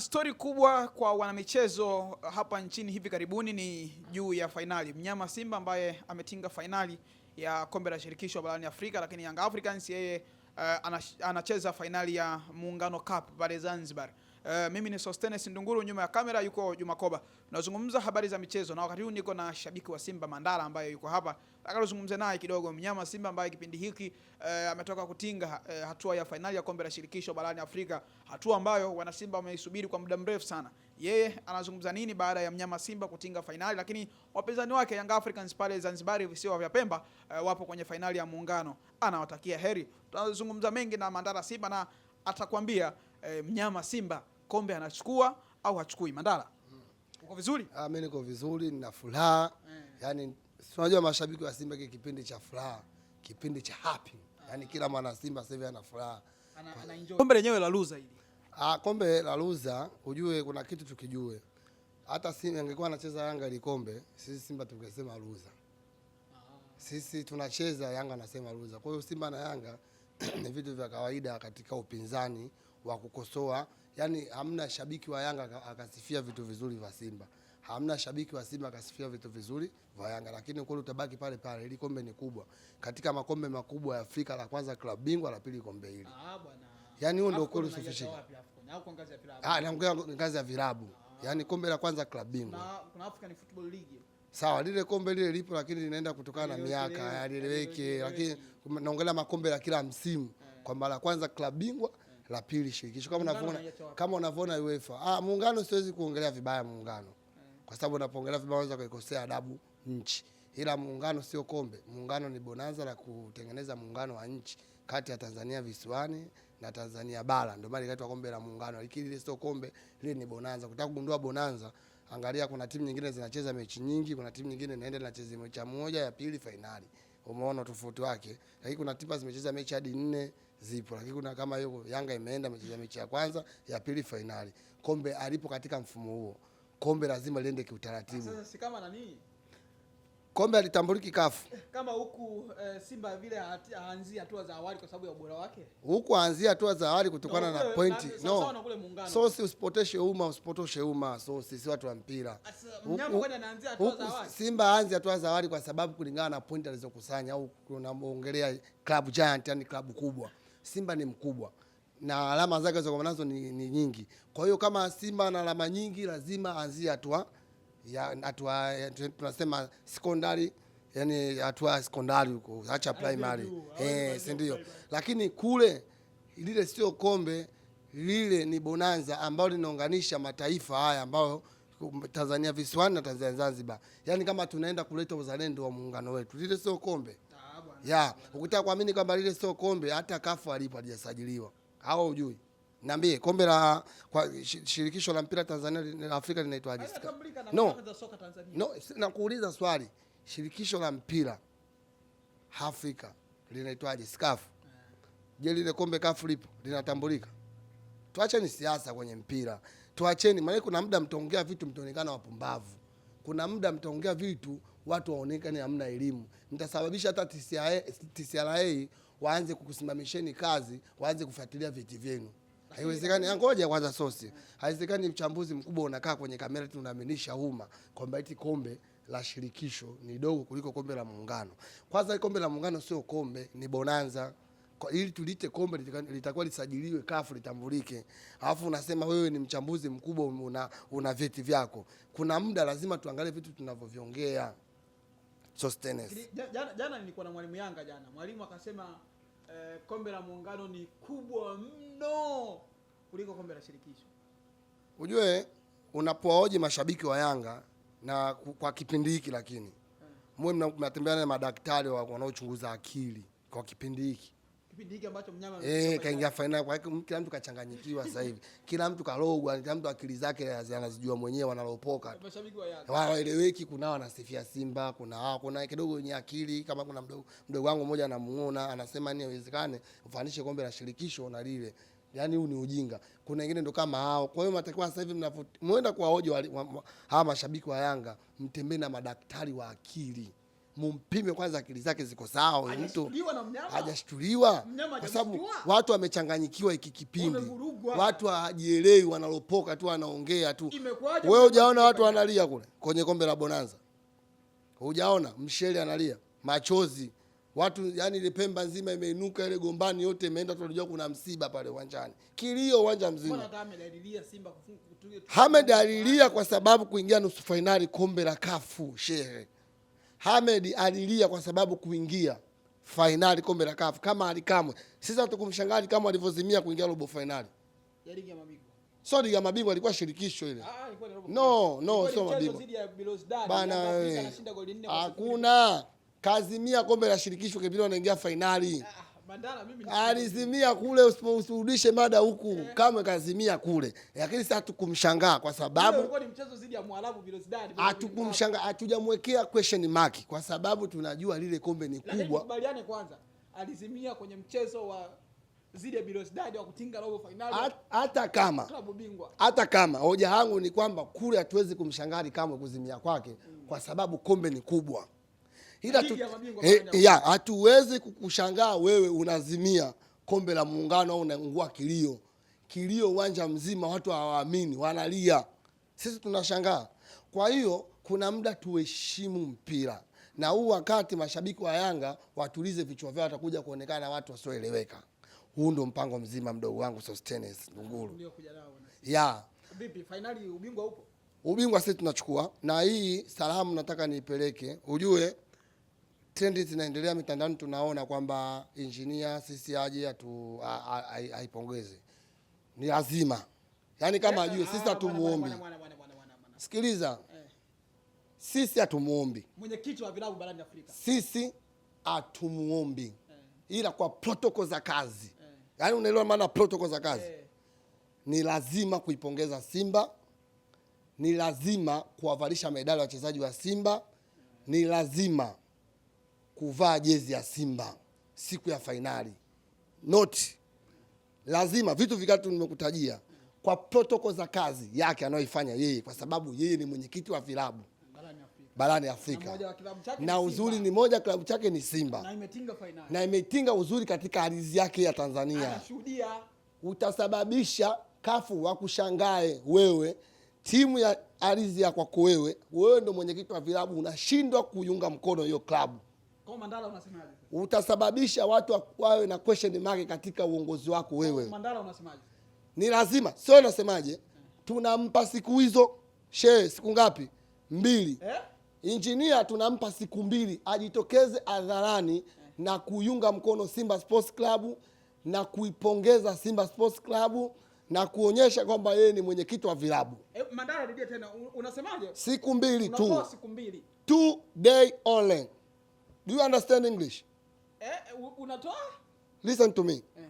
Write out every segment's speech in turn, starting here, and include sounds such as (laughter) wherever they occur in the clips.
stori kubwa kwa wanamichezo hapa nchini hivi karibuni ni juu ya fainali mnyama Simba ambaye ametinga fainali ya kombe la shirikisho barani Afrika, lakini Young Africans yeye uh, anacheza fainali ya Muungano Cup pale Zanzibar. Eh, mimi ni Sostenes Ndunguru, nyuma ya kamera yuko Juma Koba. Tunazungumza habari za michezo na wakati huu niko na shabiki wa Simba Mandala ambaye yuko hapa. Nataka tuzungumze naye kidogo, mnyama Simba ambaye kipindi hiki uh, ametoka kutinga uh, hatua ya fainali ya kombe la shirikisho barani Afrika, hatua ambayo wana Simba wameisubiri kwa muda mrefu sana. Yeye anazungumza nini baada ya mnyama Simba kutinga fainali, lakini wapinzani wake Young Africans pale Zanzibar, visiwa vya Pemba uh, wapo kwenye fainali ya Muungano, anawatakia heri. Tunazungumza mengi na Mandala Simba na atakwambia uh, mnyama Simba kombe anachukua au hachukui. Mandala, uko vizuri? Ah, mimi niko vizuri, nina furaha mm. Eh. Yani unajua mashabiki wa Simba kipindi cha furaha, kipindi cha happy ah. Yani kila mwana Simba sasa hivi ana furaha, ana enjoy kombe lenyewe la loser hili. Ah, kombe la loser, ujue kuna kitu tukijue, hata Simba angekuwa anacheza Yanga ile kombe, sisi Simba tungesema loser ah. sisi tunacheza Yanga anasema loser. Kwa hiyo Simba na Yanga (clears throat) ni vitu vya kawaida katika upinzani wa kukosoa yani hamna shabiki wa Yanga akasifia vitu vizuri vya Simba, hamna shabiki wa Simba akasifia vitu vizuri vya Yanga, lakini ukweli utabaki pale pale. ili kombe ni kubwa katika makombe makubwa ya Afrika, la kwanza klabu bingwa, la pili kombe hili. Ah bwana, yani huo ndio ukweli usifishike. Ah, na ngazi ya vilabu, ah, yani ah. kombe la kwanza klabu bingwa na kuna African Football League Sawa, lile kombe lile lipo, lakini linaenda kutokana na miaka yalieleweke, yaani, lakini naongelea makombe la kila msimu, eh. kwamba la kwanza klabu bingwa la pili shirikisho, kama unavyoona kama unavyoona UEFA. Ah, muungano siwezi kuongelea vibaya muungano, eh. kwa sababu unapoongelea vibaya unaweza kuikosea adabu nchi, ila muungano sio kombe. Muungano ni bonanza la kutengeneza muungano wa nchi kati ya Tanzania visiwani na Tanzania bara, ndio maana ikaitwa kombe la muungano. Lakini ile sio kombe, ile ni bonanza. Kutaka kugundua bonanza, angalia, kuna timu nyingine zinacheza mechi nyingi, kuna timu nyingine inaenda inacheza mechi moja ya pili fainali. Umeona tofauti wake, lakini kuna timu zimecheza mechi hadi nne zipo, lakini kuna kama hiyo Yanga imeenda ya mechi ya kwanza ya pili fainali. Kombe alipo katika mfumo huo, kombe lazima liende kiutaratibu. Sasa si kama nani kombe alitambuliki kafu eh, kama huku e, Simba vile haanzi hatua za awali kwa sababu ya ubora wake, huku haanzi hatua za awali kutokana no, na pointi no. So si usipoteshe umma, usipotoshe umma. So si watu wa mpira, ah, Simba haanzi hatua za awali kwa sababu kulingana na pointi alizokusanya au kunaongelea club giant, yani klabu kubwa Simba ni mkubwa na alama zake zilizokuwa nazo ni, ni nyingi. Kwa hiyo kama Simba na alama nyingi, lazima anzie hatua ya hatua tunasema sekondari, yani hatua ya sekondari huko, acha primary eh, si ndio? Lakini kule lile sio kombe, lile ni bonanza ambayo linaunganisha mataifa haya ambayo Tanzania visiwani na Tanzania Zanzibar, yani kama tunaenda kuleta uzalendo wa muungano wetu. Lile sio kombe ya ukitaka kuamini kwamba lile sio kombe, hata kafu alipo alijasajiliwa au ujui Niambie, kombe la kwa shirikisho la mpira Tanzania la Afrika linaitwaje? No, no, nakuuliza swali, shirikisho la mpira Afrika linaitwaje? Skafu. Je, lile kombe kafu lipo linatambulika? Tuacheni siasa kwenye mpira, tuacheni maana kuna muda mtaongea vitu mtaonekana wapumbavu, kuna muda mtaongea vitu watu waonekane hamna elimu, mtasababisha hata TCRA waanze kukusimamisheni kazi, waanze kufuatilia vyeti vyenu. Haiwezekani. Ah, ngoja kwanza sosi, haiwezekani mchambuzi mkubwa unakaa kwenye kamera tu unaaminisha umma kwamba eti kombe la shirikisho ni dogo kuliko kombe la muungano. Kwanza kombe la muungano sio kombe, ni bonanza. Kwa ili tulite kombe litakuwa lisajiliwe kafu litambulike, alafu unasema wewe ni mchambuzi mkubwa, una, una vyeti vyako. Kuna muda lazima tuangalie vitu tunavyoviongea sustenance. Jana, jana nilikuwa na mwalimu Yanga jana, mwalimu akasema eh, kombe la muungano ni kubwa mno kuliko kombe la shirikisho. Ujue unapowaoji mashabiki wa Yanga na kwa kipindi hiki lakini eh. mwe mnatembea na madaktari wanaochunguza akili kwa kipindi hiki kipindi hiki ambacho mnyama eh kaingia fainali. Kwa hiyo kila mtu kachanganyikiwa sasa hivi, kila mtu karogwa, kila mtu akili zake anazijua mwenyewe, wanalopoka waeleweki. Kuna wanasifia Simba, kuna wao, kuna kidogo wenye akili kama kuna mdogo mdogo wangu mmoja anamuona anasema ni haiwezekane ufanishe kombe la shirikisho na lile Yaani huu ni ujinga. Kuna wengine ndo kama hao. Kwa hiyo matakiwa sasa hivi mnavyomwenda kwa hoja hawa mashabiki wa Yanga, mtembee na madaktari wa akili mumpime kwanza akili zake ziko sawa, mtu hajashtuliwa, kwa sababu watu wamechanganyikiwa hiki kipindi, watu hajielewi, wanalopoka tu, wanaongea tu. Wewe hujaona watu wanalia kule kwenye kombe la Bonanza? Hujaona msheli analia machozi watu yani, ile Pemba nzima imeinuka, ile Gombani yote imeenda. unajua kuna msiba pale uwanjani, kilio uwanja mzima. Hamed alilia kwa sababu kuingia nusu fainali kombe la Kafu shehe Hamed alilia kwa sababu kuingia fainali kombe la kafu kama alikamwe. Sasa tukumshangaji kama alivyozimia kuingia robo fainali ya ligi ya mabingwa. Sio ligi ya mabingwa, ilikuwa shirikisho ile. Ah, ah, no, no, sio mabingwa. Bana, eh, hakuna. Kazimia kombe la shirikisho kipindi anaingia fainali. Ah, alizimia kule, usirudishe mada huku yeah. Kama kazimia kule, lakini sasa hatukumshangaa kwa sababu hatukumshangaa, hatujamwekea question mark kwa sababu tunajua lile kombe ni kubwa. Alizimia kwenye mchezo wa zidi ya Bilosdadi wa kutinga robo finali. hata kama hata kama hoja yangu ni kwamba kule hatuwezi kumshangaa kamwe kuzimia kwake mm. Kwa sababu kombe ni kubwa ila tu, e, ya eh, hatuwezi kukushangaa wewe unazimia kombe la Muungano au unaungua kilio kilio uwanja mzima, watu hawaamini, wanalia, sisi tunashangaa. Kwa hiyo kuna muda tuheshimu mpira na huu wakati mashabiki wa Yanga watulize vichwa vyao, watakuja kuonekana watu wasioeleweka. Huu ndo mpango mzima, mdogo wangu Sostenes Ndunguru. Ya vipi, finali ubingwa upo? Ubingwa sisi tunachukua, na hii salamu nataka niipeleke ujue trendi zinaendelea mitandaoni, tunaona kwamba injinia sisi aje atu aipongeze, ni lazima yani kama eh, ajue ah, sisi hatumuombi. Sikiliza, eh. sisi hatumuombi mwenyekiti wa vilabu barani Afrika, sisi hatumuombi eh. ila kwa protokoli za kazi, yani unaelewa maana protokoli za kazi ni lazima kuipongeza Simba, ni lazima kuwavalisha medali wachezaji wa Simba, ni lazima kuvaa jezi ya Simba siku ya fainali. Noti lazima vitu vikatu nimekutajia kwa protoko za kazi yake anayoifanya yeye, kwa sababu yeye ni mwenyekiti wa vilabu barani Afrika na, na uzuri ni moja, klabu chake ni Simba na imetinga fainali, na imetinga uzuri katika ardhi yake ya Tanzania. Anashuhudia utasababisha kafu wa kushangae wewe, timu ya ardhi ya kwako wewe, wewe ndo mwenyekiti wa vilabu unashindwa kuiunga mkono hiyo klabu. Kwa Mandala unasemaje? Utasababisha watu wawe na question mark katika uongozi wako wewe. Kwa Mandala unasemaje? Ni lazima, sio unasemaje? Tunampa siku hizo shehe, siku ngapi? Mbili eh? Injinia tunampa siku mbili ajitokeze hadharani eh, na kuiunga mkono Simba Sports Club na kuipongeza Simba Sports Club na kuonyesha kwamba yeye ni mwenyekiti wa vilabu eh. Mandala, rudia tena, unasemaje? Siku mbili tu, siku mbili. Two day only. Do you understand English? Eh, unatoa? Listen to me. Eh.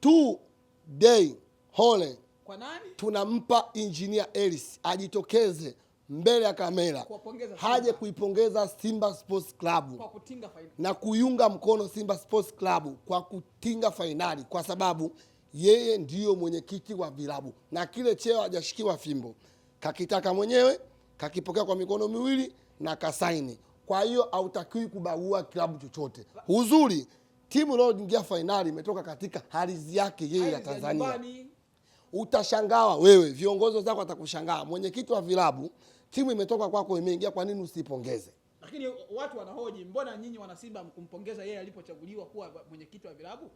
Today, hole. Kwa nani? Tunampa engineer Ellis ajitokeze mbele ya kamera haje kuipongeza Simba Sports Club na kuiunga mkono Simba Sports Club kwa kutinga fainali, kwa sababu yeye ndiyo mwenyekiti wa vilabu na kile cheo hajashikiwa fimbo, kakitaka mwenyewe, kakipokea kwa mikono miwili na kasaini. Kwa hiyo hautakiwi kubagua klabu chochote. Uzuri timu inayoingia fainali imetoka katika harizi yake yeye ya Tanzania. utashangawa wewe, viongozi wenzako watakushangaa, mwenyekiti wa vilabu, timu imetoka kwako imeingia, kwa nini usipongeze? Lakini watu wanahoji, mbona nyinyi wana Simba mkumpongeza yeye alipochaguliwa kuwa mwenyekiti wa vilabu?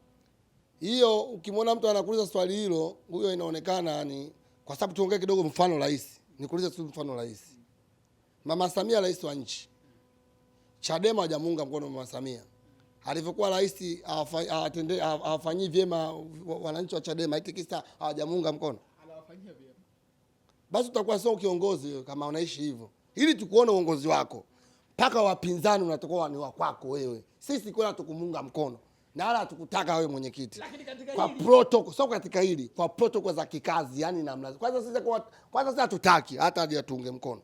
Hiyo ukimwona mtu anakuuliza swali hilo, huyo inaonekana ni kwa sababu, tuongee kidogo, mfano rahisi, nikuulize tu mfano rahisi. Mama Samia, rais wa nchi Chadema hajamuunga mkono Mama Samia alivyokuwa rais hawatendei vyema wananchi wa Chadema, eti kisa hawajamuunga mkono, anawafanyia vyema, basi utakuwa sio kiongozi kama unaishi hivyo, ili tukuone uongozi wako mpaka wapinzani unatokoa ni wa wewe. Sisi kwela tukumuunga mkono na wala hatukutaka wewe mwenyekiti, kwa protocol sio katika hili, kwa protocol za kikazi, yani namna kwanza sisi kwa kwanza sisi hatutaki hata hadi atunge mkono,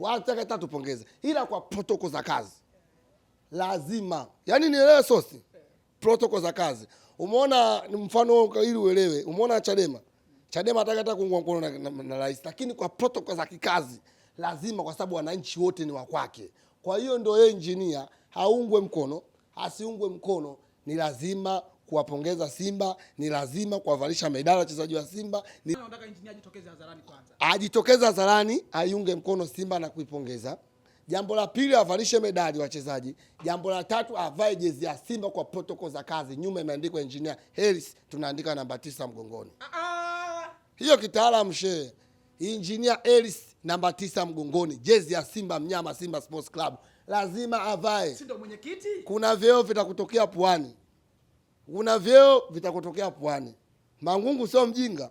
wala eh. hata tupongeze, ila kwa protocol za kazi lazima, yaani nielewe sosi protocol za kazi. Umeona mfano ili uelewe, umeona Chadema Chadema hataki hata kuungwa mkono na, na, na rais, lakini kwa protocol za kikazi lazima, kwa sababu wananchi wote ni wa kwake. Kwa hiyo ndio yeye injinia haungwe mkono asiungwe mkono, ni lazima kuwapongeza Simba, ni lazima kuwavalisha medali wachezaji wa Simba ni... ajitokeze hadharani, aiunge mkono Simba na kuipongeza. Jambo la pili avalishe medali wachezaji. Jambo la tatu avae jezi ya Simba kwa protocol za kazi. Nyuma imeandikwa engineer Harris, tunaandika namba tisa mgongoni. hiyo kitaalamu she. Engineer Harris namba tisa mgongoni, jezi ya Simba mnyama Simba Sports Club lazima avae. Si ndio mwenyekiti? Kuna vyeo vitakutokea puani, kuna vyeo vitakutokea puani. Mangungu sio mjinga.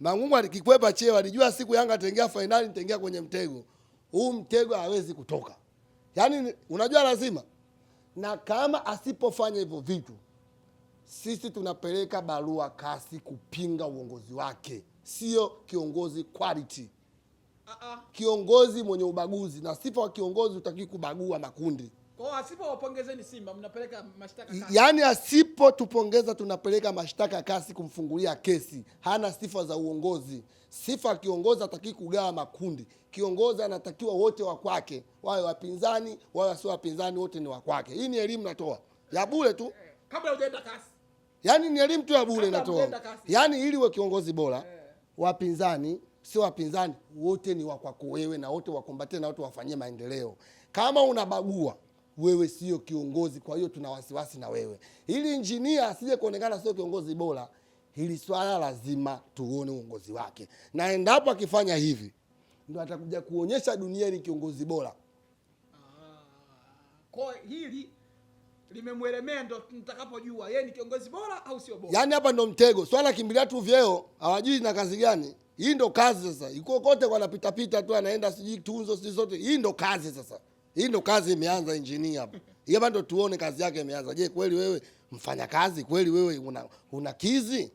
Mangungu alikikwepa cheo, alijua siku Yanga ataingia fainali, nitaingia kwenye mtego huu mtego hawezi kutoka. Yaani unajua lazima, na kama asipofanya hivyo vitu, sisi tunapeleka barua kasi kupinga uongozi wake, sio kiongozi quality. Uh-uh. Kiongozi mwenye ubaguzi na sifa wa kiongozi, utakii kubagua makundi. Kwa asipowapongezeni Simba mnapeleka mashtaka kasi. Yaani asipotupongeza tunapeleka mashtaka kasi kumfungulia kesi. Hana sifa za uongozi. Sifa kiongozi atakii kugawa makundi. Kiongozi anatakiwa wote wa kwake, wawe wapinzani, wawe sio wapinzani, wote ni wa kwake. Hii ni elimu natoa ya bure tu, eh, kabla hujaenda kasi. Yaani ni elimu tu ya bure natoa. Yaani ili uwe kiongozi bora, eh. wapinzani sio wapinzani, wote ni wa kwako wewe, na wote wakombatie na wote wafanyie maendeleo. Kama unabagua wewe sio kiongozi, kwa hiyo tuna wasiwasi na wewe. Ili injinia asije kuonekana sio kiongozi bora, hili swala lazima tuone uongozi wake, na endapo akifanya hivi ndo atakuja kuonyesha dunia ni kiongozi bora. Ah, kwa hili limemwelemea, ndo nitakapojua yeye ni kiongozi bora au sio bora. Yaani hapa ndo mtego, swala kimbilia tu vyeo, hawajui na kazi gani. Hii ndo kazi sasa, iko kote pita tu, anaenda sijui tunzo, sijui zote. Hii ndo kazi sasa. Hii ndo kazi imeanza engineer hapa. Hii hapa tuone kazi yake imeanza. Je, kweli wewe mfanya kazi kweli wewe una, una kizi?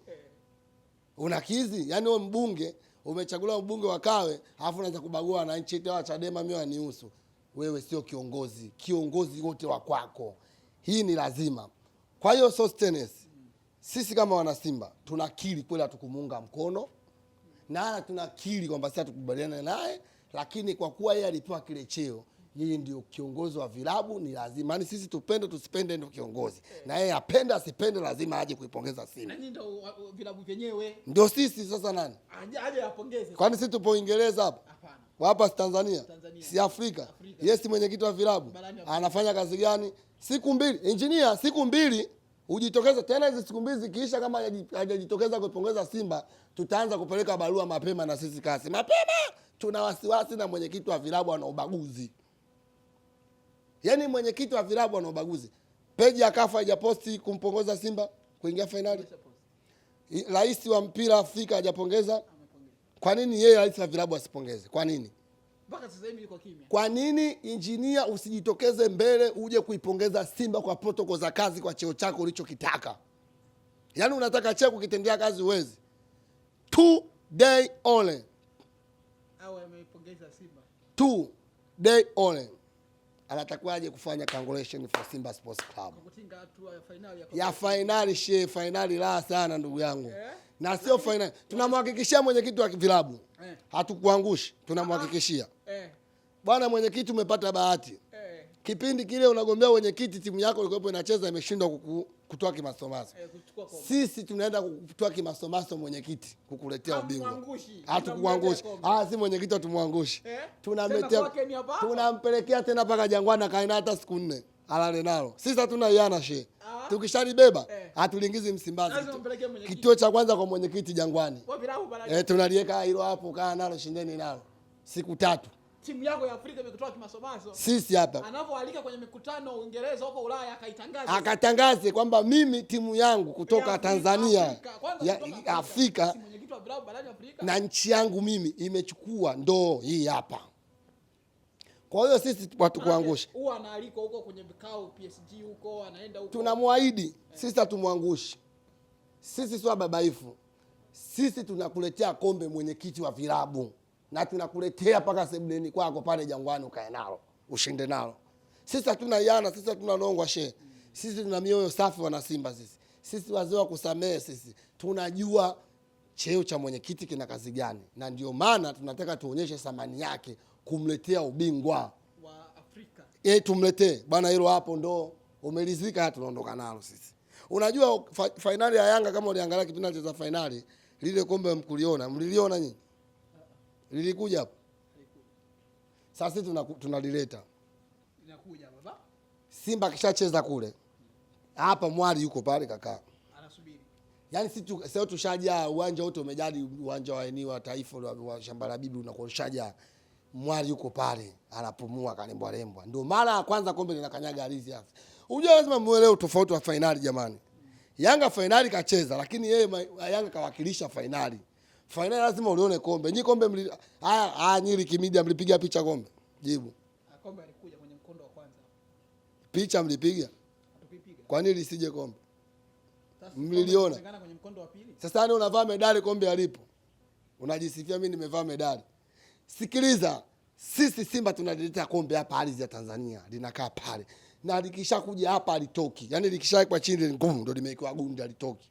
Una kizi? Yaani wewe mbunge umechaguliwa mbunge wa Kawe, alafu unaanza kubagua wananchi eti wa Chadema mimi wanihusu. Wewe sio kiongozi. Kiongozi wote wa kwako. Hii ni lazima. Kwa hiyo Sostenes, sisi kama wana wanasimba tunakiri kweli hatukumuunga mkono na tunakiri kwamba sisi hatukubaliana naye, lakini kwa kuwa yeye alipewa kile cheo yeye ndio kiongozi wa vilabu, ni lazima yani sisi tupende tusipende ndio kiongozi yeah. na yeye apende asipende lazima aje kuipongeza Simba, ndio uh, uh, vilabu vyenyewe ndio sisi sasa. Nani aje apongeze? Kwani sisi tupo Uingereza hapa? Hapana, hapa si Tanzania, Tanzania, si Afrika, Afrika. Yes, mwenyekiti wa vilabu anafanya kazi gani? siku mbili engineer, siku mbili ujitokeze tena. Hizi siku mbili zikiisha, kama hajajitokeza kuipongeza Simba, tutaanza kupeleka barua mapema na sisi kasi mapema. Tuna wasiwasi na mwenyekiti wa vilabu ana ubaguzi. Yaani mwenyekiti wa vilabu ana ubaguzi. Peji ya Kafa haijaposti kumpongoza Simba kuingia fainali. Rais wa mpira Afrika hajapongeza. Kwa nini yeye rais wa vilabu asipongeze? Kwa nini? Mpaka sasa hivi yuko kimya. Kwa nini injinia usijitokeze mbele uje kuipongeza Simba kwa protokoli za kazi kwa cheo chako ulichokitaka? Yaani unataka cheo kukitendea kazi uwezi. Two day only. Awe amepongeza Simba. Two day only anatakuwaje kufanya congratulation for Simba Sports Club ya fainali. She fainali la sana ndugu yangu yeah. na sio fainali, tunamhakikishia mwenyekiti wa vilabu yeah. hatukuangushi, tunamhakikishia yeah. Eh. Bwana mwenyekiti, umepata bahati yeah. kipindi kile unagombea wenyekiti, timu yako ilikuwa inacheza imeshindwa kuku kutoa kimasomaso eh, sisi tunaenda kutoa kimasomaso mwenyekiti, kukuletea ubingwa, hatukuangushi. Eh? Ah, si mwenyekiti atumwangushi eh? Tunamletea, tunampelekea tena paka Jangwani, akaena hata siku nne alale nalo. Sisi hatuna yana she, ah? tukishalibeba hatuliingizi eh, Msimbazi. Kituo cha kwanza kwa mwenyekiti Jangwani eh, tunaliweka hilo hapo, kaa nalo, shindeni nalo siku tatu timu yako ya Afrika imekutoa kimasomaso. Sisi hapa anavyoalika kwenye mikutano Uingereza huko Ulaya akaitangaza. Akatangaze kwamba mimi timu yangu kutoka ya Tanzania Afrika, ya, kutoka Afrika, Afrika, Afrika Afrika, na nchi yangu mimi imechukua ndoo hii hapa. Kwa hiyo sisi watu kuangusha. Huwa anaalikwa huko kwenye vikao PSG huko anaenda huko. Tunamwaahidi Tunamwahidi eh. sisi hatumwangushi. Sisi sio babaifu. Sisi tunakuletea kombe mwenyekiti wa vilabu na tunakuletea mpaka sebuleni kwako pale Jangwani, ukae nalo ushinde nalo. Sisi hatuna yana, sisi hatuna longwa she, sisi tuna mioyo safi, wana Simba sisi, sisi wazee wa kusamehe, sisi tunajua cheo cha mwenyekiti kina kazi gani, na ndio maana tunataka tuonyeshe thamani yake kumletea ubingwa wa Afrika. E, tumletee bwana, hilo hapo ndo umelizika, tunaondoka nalo sisi. Unajua fa, fainali ya Yanga, kama uliangalia kipindi cha fainali lile, kombe mkuliona, mliliona nyinyi lilikuja hapo, sasa sisi tunalileta inakuja baba. Simba kishacheza kule, hapa mwali yuko pale kaka, anasubiri yaani sisi tushaja uwanja wote umejadi uwanja wa eneo wa taifa wa shamba la bibi unakuwa ushajaa. Mwali yuko pale anapumua, kalembwa lembwa, ndio mara ya kwanza kombe linakanyaga alizi hapa. Unajua lazima muelewe tofauti wa fainali jamani. Yanga fainali kacheza, lakini yeye Yanga kawakilisha fainali fainali lazima ulione kombe. Nyi kombe mli haya haya, nyi Liki mlipiga picha kombe? Jibu, ah, kombe alikuja kwenye mkondo wa kwanza, picha mlipiga? Hatupipiga. Kwa nini lisije kombe? Mliliona Sasa ni yaani unavaa medali, kombe alipo, unajisifia mimi nimevaa medali. Sikiliza, sisi Simba tunalileta kombe hapa, ardhi ya Tanzania linakaa pale, na likishakuja hapa alitoki, yaani likishawekwa chini ngumu, ndio limewekewa gundi alitoki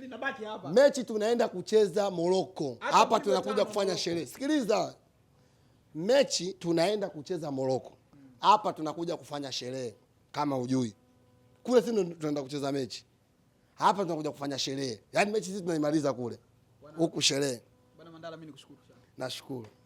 linabaki hapa. Mechi tunaenda kucheza Morocco. Hapa tunakuja kufanya sherehe. Sikiliza. Mechi tunaenda kucheza Morocco. Hapa tunakuja kufanya sherehe kama ujui. Kule sisi tunaenda kucheza mechi. Hapa tunakuja kufanya sherehe. Yaani mechi sisi tunaimaliza kule. Huku sherehe. Bwana Mandala, mimi nikushukuru sana. Nashukuru.